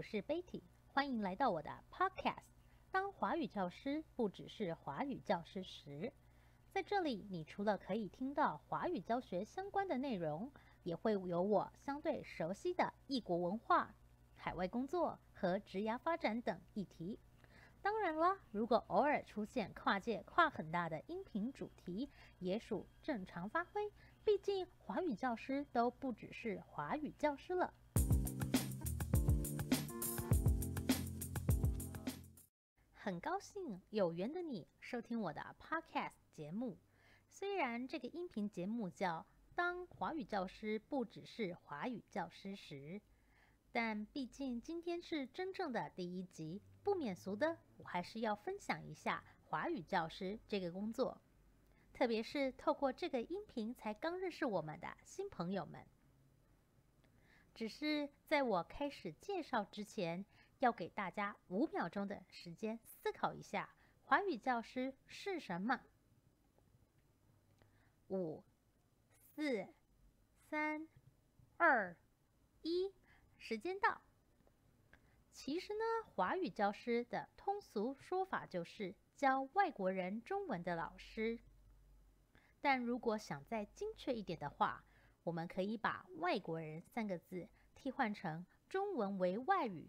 我是 Betty，歡迎來到我的 Podcast。當華語教師不只是華語教師時，在這裡你除了可以聽到華語教學相關的內容，也會有我相對熟悉的異國文化、海外工作和職涯發展等議題。當然了，如果偶爾出現跨界跨很大的音頻主題，也屬正常發揮。畢竟華語教師都不只是華語教師了。很高興有緣的你，收聽我的 Podcast 節目。雖然這個音頻節目叫《當華語教師不只是華語教師時》，但畢竟今天是真正的第一集，不免俗的，我還是要分享一下華語教師這個工作，特別是透過這個音頻才剛認識我們的新朋友們。只是在我開始介紹之前，要給大家五秒鐘的時間思考一下，華語教師是什麼？五、四、三、二、一，時間到。其實呢，華語教師的通俗說法就是教外國人中文的老師。但如果想再精確一點的話，我們可以把“外國人”三個字替換成“中文為外語”。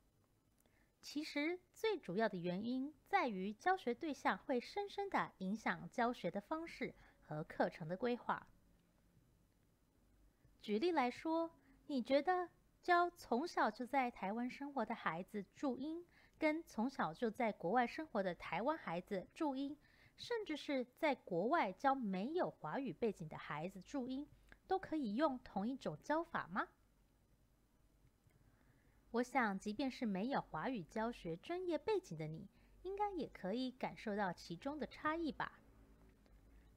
其實最主要的原因在於，教學對象會深深的影響教學的方式和課程的規劃。舉例來說，你覺得教從小就在台灣生活的孩子注音，跟從小就在國外生活的台灣孩子注音，甚至是在國外教沒有華語背景的孩子注音，都可以用同一種教法嗎？我想，即便是沒有華語教學專業背景的你，應該也可以感受到其中的差異吧。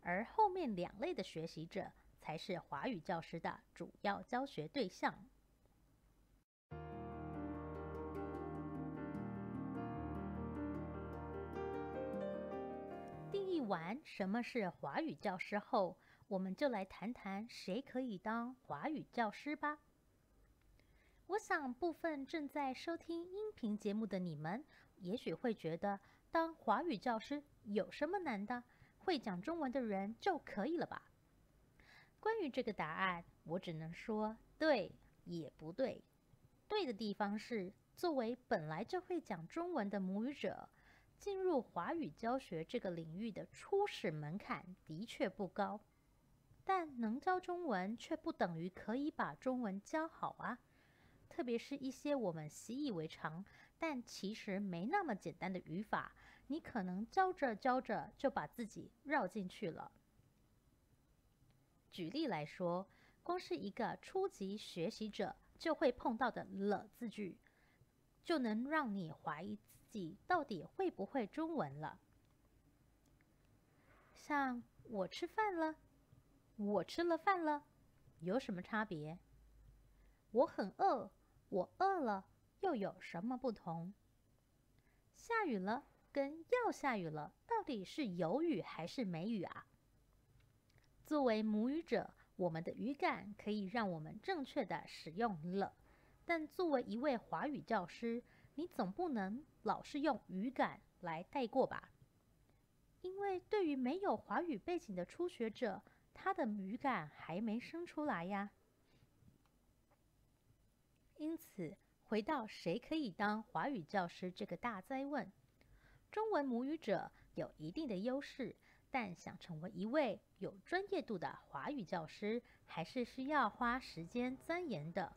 而後面兩類的學習者，才是華語教師的主要教學對象。定義完什麼是華語教師後，我們就來談談誰可以當華語教師吧。我想，部分正在收聽音頻節目的你們，也許會覺得，當華語教師有什麼難的？會講中文的人就可以了吧？關於這個答案，我只能說對也不對。對的地方是，作為本來就會講中文的母語者，進入華語教學這個領域的初始門檻的確不高。但能教中文，卻不等於可以把中文教好啊。特別是一些我們習以為常，但其實沒那麼簡單的語法，你可能教着教着就把自己繞進去了。舉例來說，光是一個初級學習者就會碰到的「了」字句，就能讓你懷疑自己到底會不會中文了。像我吃飯了，我吃了飯了，有什麼差別？我很餓。我餓了，又有什麼不同？下雨了，跟要下雨了，到底是有雨還是沒雨啊？作為母語者，我們的語感可以讓我們正確的使用了，但作為一位華語教師，你總不能老是用語感來帶過吧？因為對於沒有華語背景的初學者，他的語感還沒生出來呀。因此，回到“誰可以當華語教師”這個大哉問，中文母語者有一定的優勢，但想成為一位有專業度的華語教師，還是需要花時間鑽研的。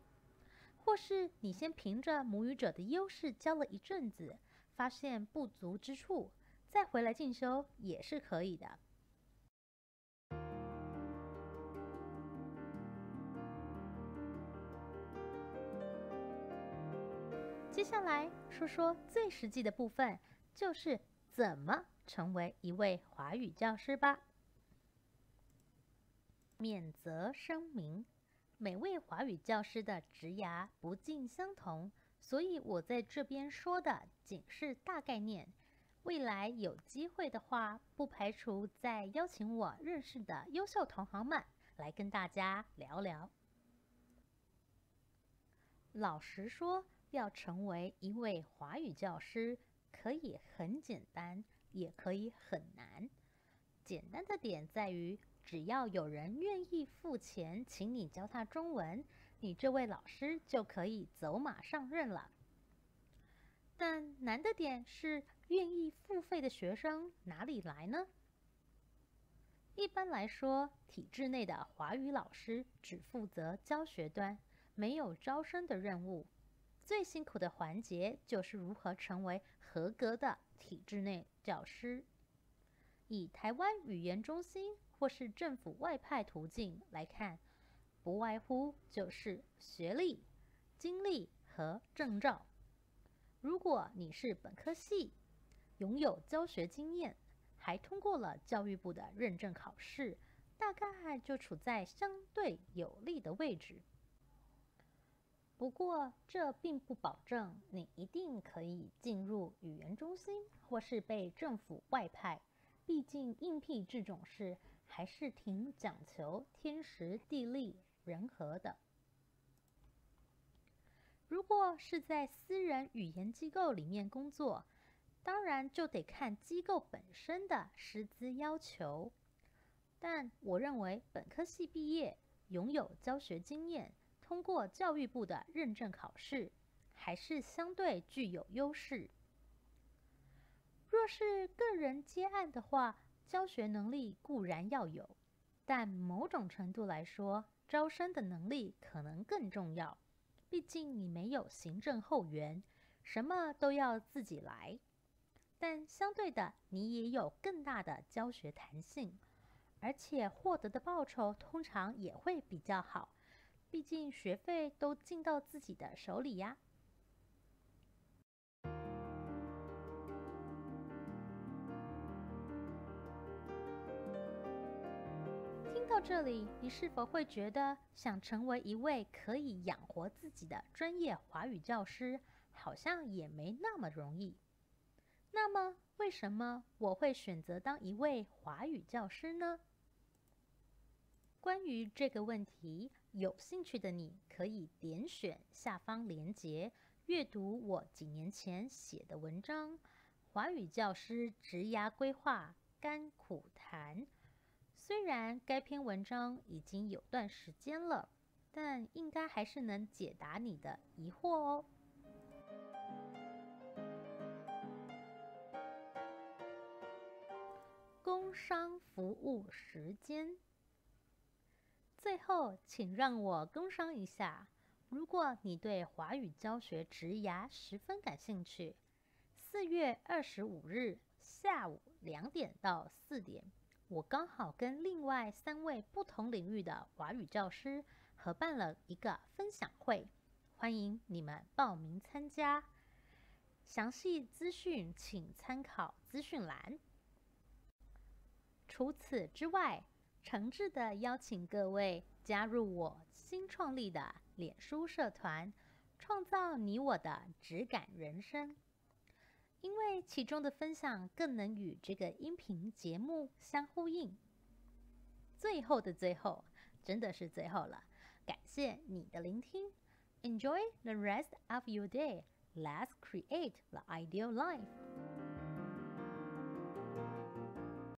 或是你先憑着母語者的優勢教了一陣子，發現不足之處，再回來進修也是可以的。接下來說說最實際的部分，就是怎麼成為一位華語教師吧。免責聲明：每位華語教師的職涯不盡相同，所以我在這邊說的僅是大概念。未來有機會的話，不排除再邀請我認識的優秀同行們來跟大家聊聊。老實說。要成為一位華語教師，可以很簡單，也可以很難。簡單的點在於，只要有人願意付錢，請你教他中文，你這位老師就可以走馬上任了。但難的點是，願意付費的學生哪裡來呢？一般來說，體制內的華語老師只負責教學端，沒有招生的任務。最辛苦的環節就是如何成為合格的體制內教師。以台灣語言中心或是政府外派途徑來看，不外乎就是學歷、經歷和證照。如果你是本科系，擁有教學經驗，還通過了教育部的認證考試，大概就處在相對有利的位置。不過，這並不保證你一定可以進入語言中心，或是被政府外派。畢竟，應聘這種事還是挺講求天時地利人和的。如果是在私人語言機構裡面工作，當然就得看機構本身的師資要求。但我認為，本科系畢業，擁有教學經驗，通過教育部的認證考試，還是相對具有優勢。若是個人接案的話，教學能力固然要有，但某種程度來說，招生的能力可能更重要。畢竟你沒有行政後援，什麼都要自己來。但相對的，你也有更大的教學彈性，而且獲得的報酬通常也會比較好。畢竟學費都進到自己的手裡呀。聽到這裡，你是否會覺得想成為一位可以養活自己的專業華語教師，好像也沒那麼容易？那麼，為什麼我會選擇當一位華語教師呢？關於這個問題，有興趣的你可以點選下方連結閱讀我幾年前寫的文章《華語教師職涯規劃甘苦談》。雖然該篇文章已經有段時間了，但應該還是能解答你的疑惑哦。工商服務時間。最後，請讓我工商一下。如果你對華語教學職涯十分感興趣，四月二十五日下午兩點到四點，我剛好跟另外三位不同領域的華語教師合辦了一個分享會，歡迎你們報名參加。詳細資訊請參考資訊欄。除此之外。誠摯地邀請各位加入我新創立的臉書社團，創造你我的質感人生，因為其中的分享更能與這個音頻節目相呼應。最後的最後，真的是最後了，感謝你的聆聽，Enjoy the rest of your day，Let's create the ideal life。